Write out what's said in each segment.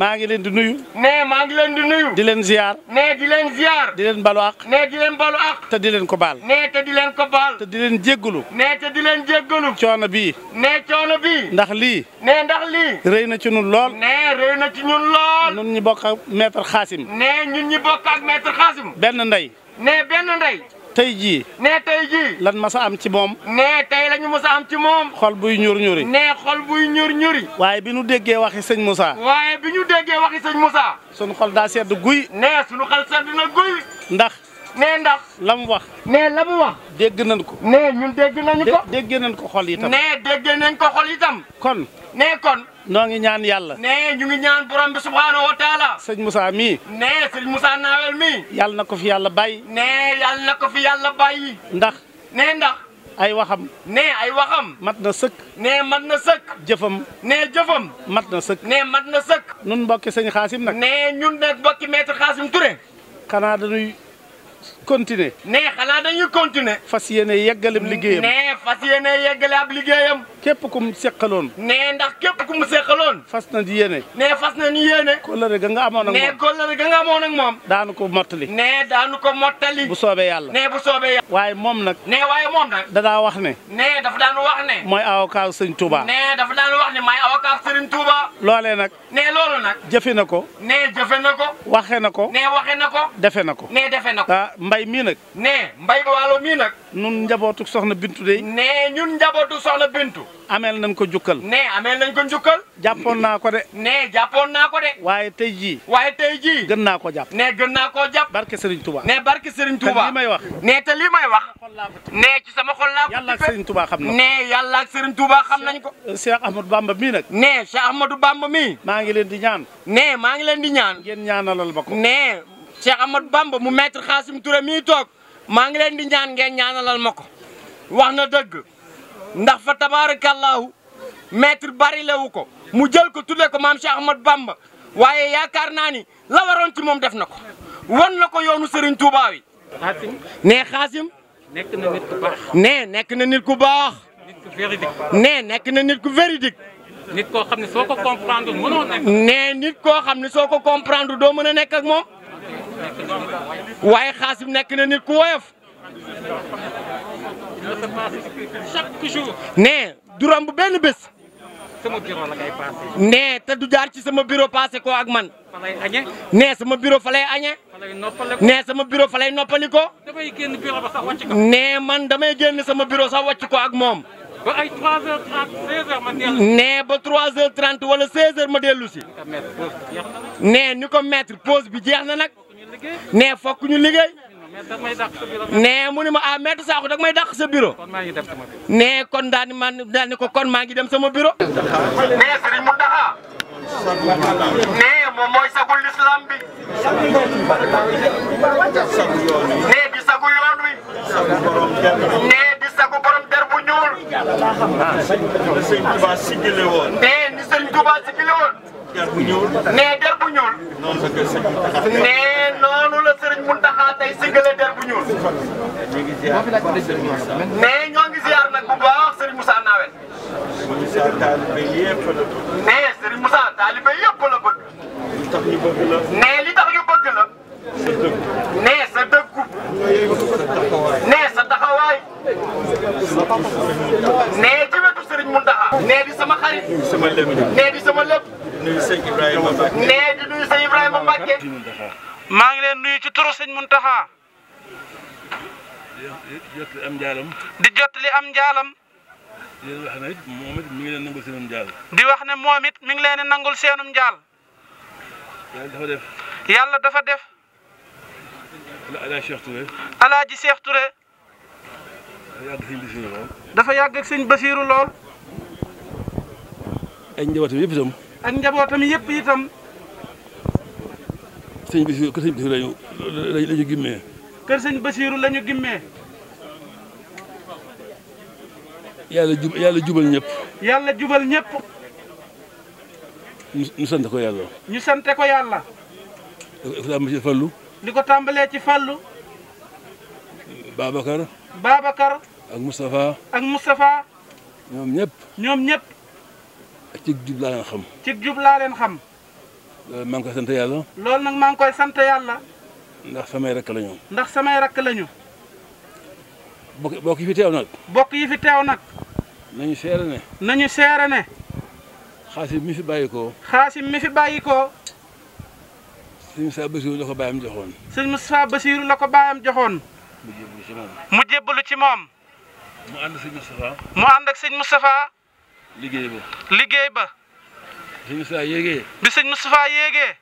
maa ngi leen di nuyu. nee maa ngi leen di nuyu. di leen ziar. nee di leen ziar. di leen balu ak. nee di te di leen ko baal. te di leen ko di leen jéggalu. nee te di leen jéggalu. coono bii. nee coono bii. ndax lii. nee ndax lii. rëy na ci ñun lool. nee rëy na ci ñun lool. ñun ñi bokk ak maître Xaasim. nee ñun ñi bokk ak maître Xaasim. benn ndey. nee benn ndey. tey jii nee tey jii lan mas a am ci moom nee tey la ñu mas a am ci moom xol buy ñur ñuri nee xol buy ñur ñuri waaye bi nu déggee waxi sëñ Moussa waaye bi ñu déggee waxi sëñ Moussa sunu xol daa sedd guy nee sunu xol sedd na guy ndax nee ndax. la mu wax. nee la mu wax. dégg nañ ko. nee ñun dégg nañu ko. dégg nañ ko xol itam. nee dégg nañ ko xol itam. kon. nee kon. noo ngi ñaan yàlla. nee ñu ngi ñaan borom bi subhaanahu wa taala. sëñ Moussa mii. nee sëñ Moussa Nawel mii. yàlla na ko fi yàlla bàyyi. nee yàlla na ko fi yàlla bàyyi. ndax. nee ndax. ay waxam. nee ay waxam. mat na sëkk. nee mat na sëkk. jëfam. nee jëfam. mat na sëkk. nee mat na sëkk. nun mbokki sëñ Xaasim nag. nee ñun nag mbokki maître Xaasim Touré. xanaa dañuy. continuer. ne xanaa dañuy continuer. fas yéene yeggalem liggéeyam ne fas yéene yeggale ab liggéeyam. képp ku mu seqaloon. nee ndax képp ku mu seqaloon. fas na di yéene. nee fas na ni yéene. kóllëre ga nga amoon na moom nee kóllëre amoon ak moom. daanu ko mottali. nee daanu ko mottali. bu soobee yàlla. nee bu soobee yàlla. waaye moom nag. nee waaye moom nag. dadaa wax ne. nee dafa daan wax ne. mooy avocat sëñ Touba. nee dafa daan wax ne mooy avocat sëriñ Touba. loolee nag. nee loolu nag. jëfe na ko. nee jëfe na ko. waxe na ko. nee waxe na ko. defe na ko. nee defe na ah, mbay mii nag. nee mbay waalo mii nag. ñun njabootu soxna Bintu de. nee ñun njabootu soxna Bintu. ameel nañ ko jukkal. nee ameel nañ ko njukkal. jàppoon naa ko de. nee jàppoon naa ko de. waaye tey jii. waaye tey jii. gën naa ko jàpp. nee gën naa koo jàpp. barke Serigne Touba. nee barke Serigne Touba te lii may wax. nee te lii may wax. nee ci sama xol laa ko. yàlla ak Serigne Touba xam na ko. nee yàlla ak Serigne Touba xam nañ ko. Cheikh Ahmadou Bamba mii nag. nee Cheikh Ahmadou Bamba mii. maa ngi leen di ñaan. nee maa ngi leen di ñaan. ngeen ñaanalal ba ko. nee Cheikh Ahmadou Bamba mu maître Xaasim ture mi toog maa ngi leen di ñaan ngeen ñaanalal ma ko wax na dëgg ndax fa tabaarakallaahu maître bari lewu ko mu jël ko tuddee ko maam Cheikh Ahmad Bamba waaye yaakaar naa ni la moom def na ko wan na ko yoonu Serigne Touba wi. nee xaasim. nekk na nit ku baax. nee nekk na nit ku baax. nit ku nee nekk na nit ku véridique. nit koo xam ne soo ko comprendre mënoo nekk. nee nit koo xam ne soo ko comprendre doo mën a nekk ak moom. waaye xaasim nekk na nit ku woyof. chaque jour. nee du romb benn bis nee te du jaar ci sama bureau passé ko ak man. fa nee sama bureau fa lay añee. fa lay noppaliko nee sama bureau fa lay ko. nee man damay génn sama bureau sax wacc ko ak moom. ba ay 3 nee ba 3h30 wala 16h ma dellu si. nee ni ko mettre pause bi jeex na nag. nee fokk ñu liggéey. nee mu ne ma ah maître Sakho dag may dàq sa bureau. nee kon daal di man daal ni ko kon maa ngi dem sama bureau. nee Serigne mooy sagul l'islam bi. nee di sagu yoon wi. nee di sagu borom der nee ni nee noonu la Serigne Mountakha. tey singale der bu ñuul. mais ñoo ngi ziar nag bu baax Serigne Moussa Nawel. mais Serigne Moussa taalibe yëpp la bëgg. mais li tax ñu bëgg la. mais sa dëggu. mais sa taxawaay. nee di sama xarit. sama lépp nee di sama lépp. nee di sëñ Ibrahima Mbacke. nee di nuyu sëñ Ibrahima Mbacke. maa ngi leen nuyu ci turu sëñ Muntaxa. di jottali am njaalam. di jottali am njaalam. di wax ne moom it mi ngi leen nangul seenum njaal. di wax ne moom it mi ngi leen nangul seenum njaal. yàlla dafa def. yàlla dafa def. Alaaji Cheikh Touré. Alaaji Cheikh Touré. dafa yàgg ak sëñ Basiiru lool. ak njabootam yëpp itam. ak njabootam yëpp itam. sëñ Basiru kër sëñ Basiru lañu lañu gimmee. kër sëñ Basiru lañu gimmee. yàlla jub yàlla jubal ñëpp. yàlla jubal ñëpp. ñu sant ko yàlla. ñu sant ko yàlla. li ko tàmbalee ci fallu. li ko tàmbalee ci fallu. Babacar. Babacar. ak Moustapha. ak Moustapha. ñoom ñëpp. ñoom ñëpp. cig jub laa leen xam. cig jub laa leen xam. loolu maa ngi koy sant yàlla. loolu nag maa ngi koy sant yàlla. ndax samay rakk la ndax samay rakk la ñu. bokk bokk yi fi teew nag. bokk yi fi teew nag. nañu seere ne. nañu seere mi fi bàyyi xaa xaasim mi fi bàyyi koo. sëñ Moussa Bassirou la ko baayam joxoon. la ko baayam joxoon. mu jébbalu ci moom. mu ànd ak sëñ mu ànd liggéey ba. liggéey ba. bi sëñ Moustapha yéegee.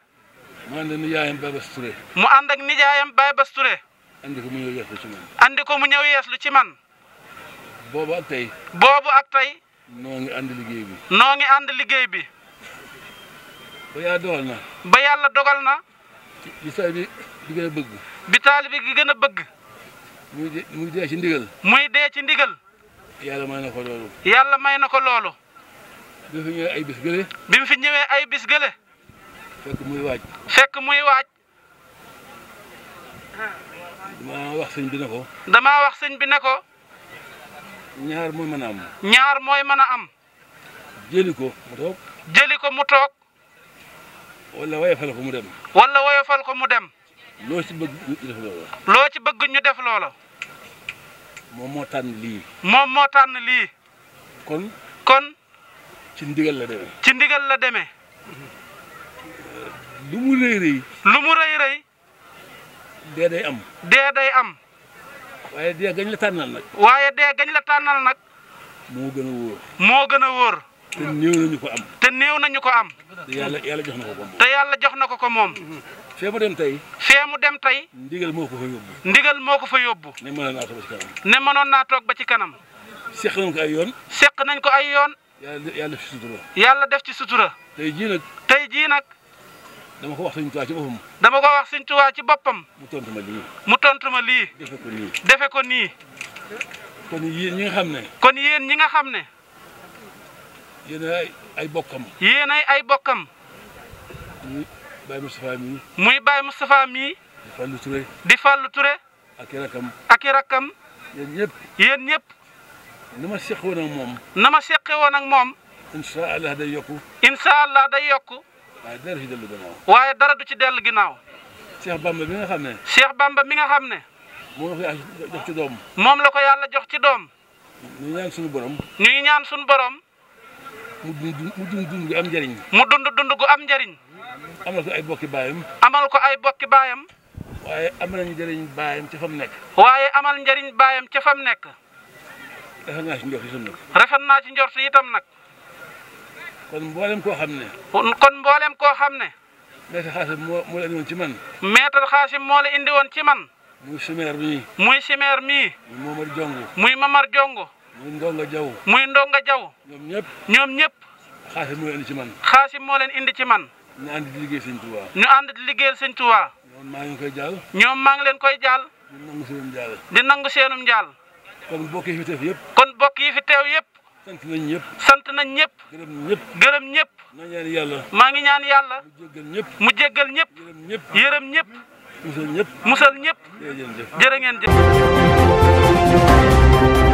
bi yéegee. mu ànd ak nijaayam Baye Bass Touré. mu ànd ak nijaayam Baye Bass Touré. andi ko mu ñëw lu ci man. andi ko mu ñëw yeeslu ci man. boobu ak tey. boobu ak tey. noo ngi ànd liggéey bi. noo ngi ànd liggéey bi. ba yàlla dogal na. ba yàlla dogal na. bi bi gën a bëgg. bi taalibe gi gën a bëgg. muy dee ci ndigal. muy dee ci ndigal. yàlla may na ko loolu. yàlla may na ko loolu. bi fi ñëwee ay bis gële. bi mu fi ñëwee ay bis gële. fekk muy waaj. fekk muy waaj. dama wax sëñ bi na ko. damaa ñaar mooy mën a am. ñaar mooy mën a am. jëli ko mu toog. jëli ko mu toog. wala woyofal ko mu dem. wala woyofal ko mu dem. loo ci bëgg ñu def loola. loo moo tànn lii. moom moo tànn lii. kon. kon. ci ndigal la demee. ci ndigal la demee. lu mu rëy rëy. lu mu rëy rëy. dee day am. dee day am. waaye dee gañ la tànnal nag. waaye dee gañ la tànnal nag. moo gën a wóor. moo gën a wóor. te néew nañu ko am. te néew nañu ko am. te yàlla yàlla jox na ko ko moom. te yàlla jox na ko ko moom. fee mu dem tey. fee mu dem tey. ndigal moo ko fa yóbbu. ndigal moo ko fa yóbbu. ne mënoon naa toog ba ci kanam. ba ci kanam. seq nañ ko ay yoon. seq nañ ko ay yoon. yàlla def ci sutura. yàlla def ci sutura. tey jii nag. tey jii nag. dama ko wax Sëñ Tuubaa ci boppam. dama ko wax Sëñ ci boppam. mu tontu ma lii. mu tontu ma lii. defe ko nii. defe ko nii. kon yéen ñi nga xam ne. kon yéen ñi nga xam ne. yéenay ay bokkam. yéenay ay bokkam. muy Baye Moustapha mii. muy mii. di Fallou Touré. di Fallou Touré. ak i rakkam. ak i ñëpp. na ma seqe woon moom. na ma seqe woon ak moom. incha allah day yokku. incha allah day yokku. waaye dara du ci dellu ginnaaw. waaye dara du ci dellu ginnaaw. Cheikh Bamba mi nga xam ne. Cheikh bàmba mi nga xam ne. moom la ko yàlla jox ci doom. moom la ko yàlla jox ci doom. suñu borom. ñaan suñu borom. mu dund dund gu am njëriñ. mu dund dund gu am njariñ amal ko ay bokki baayam. amal ko ay bokki baayam. waaye amal njëriñ baayam ca fa mu nekk. waaye amal njëriñ baayam ca fa mu nekk. rafet naa ci njort itam nag. rafet naa ci njort itam kon mboolem koo xam ne. kon mboolem koo xam ne. maître Xaasim moo moo la indi woon ci man. maître Xaasim moo la muy simeer mii. muy simeer mii. muy Momar Jongo. muy Momar Jongo. Ndonga Jaw. muy Ndonga Jaw. ñoom ñëpp. ñoom ñëpp. moo leen indi ci man. Xaasim moo leen indi ci man. liggéey sëñ ñoom maa ngi leen koy jaal. ñoom maa leen koy jaal. di nangu seenum jaal. kon mbokk yi fi teew yëpp. kon mbokk yi fi teew yëpp. sant nañ ñëpp. sant nañ ñëpp. gërëm ñëpp. gërëm ñëpp. maa ngi ñaan yàlla. maa ngi ñaan yàlla. mu jéggal ñëpp. mu jéggal ñëpp. yërëm ñëpp. yërëm ñëpp. musal ñëpp. musal ñëpp. jërë ngeen jëf.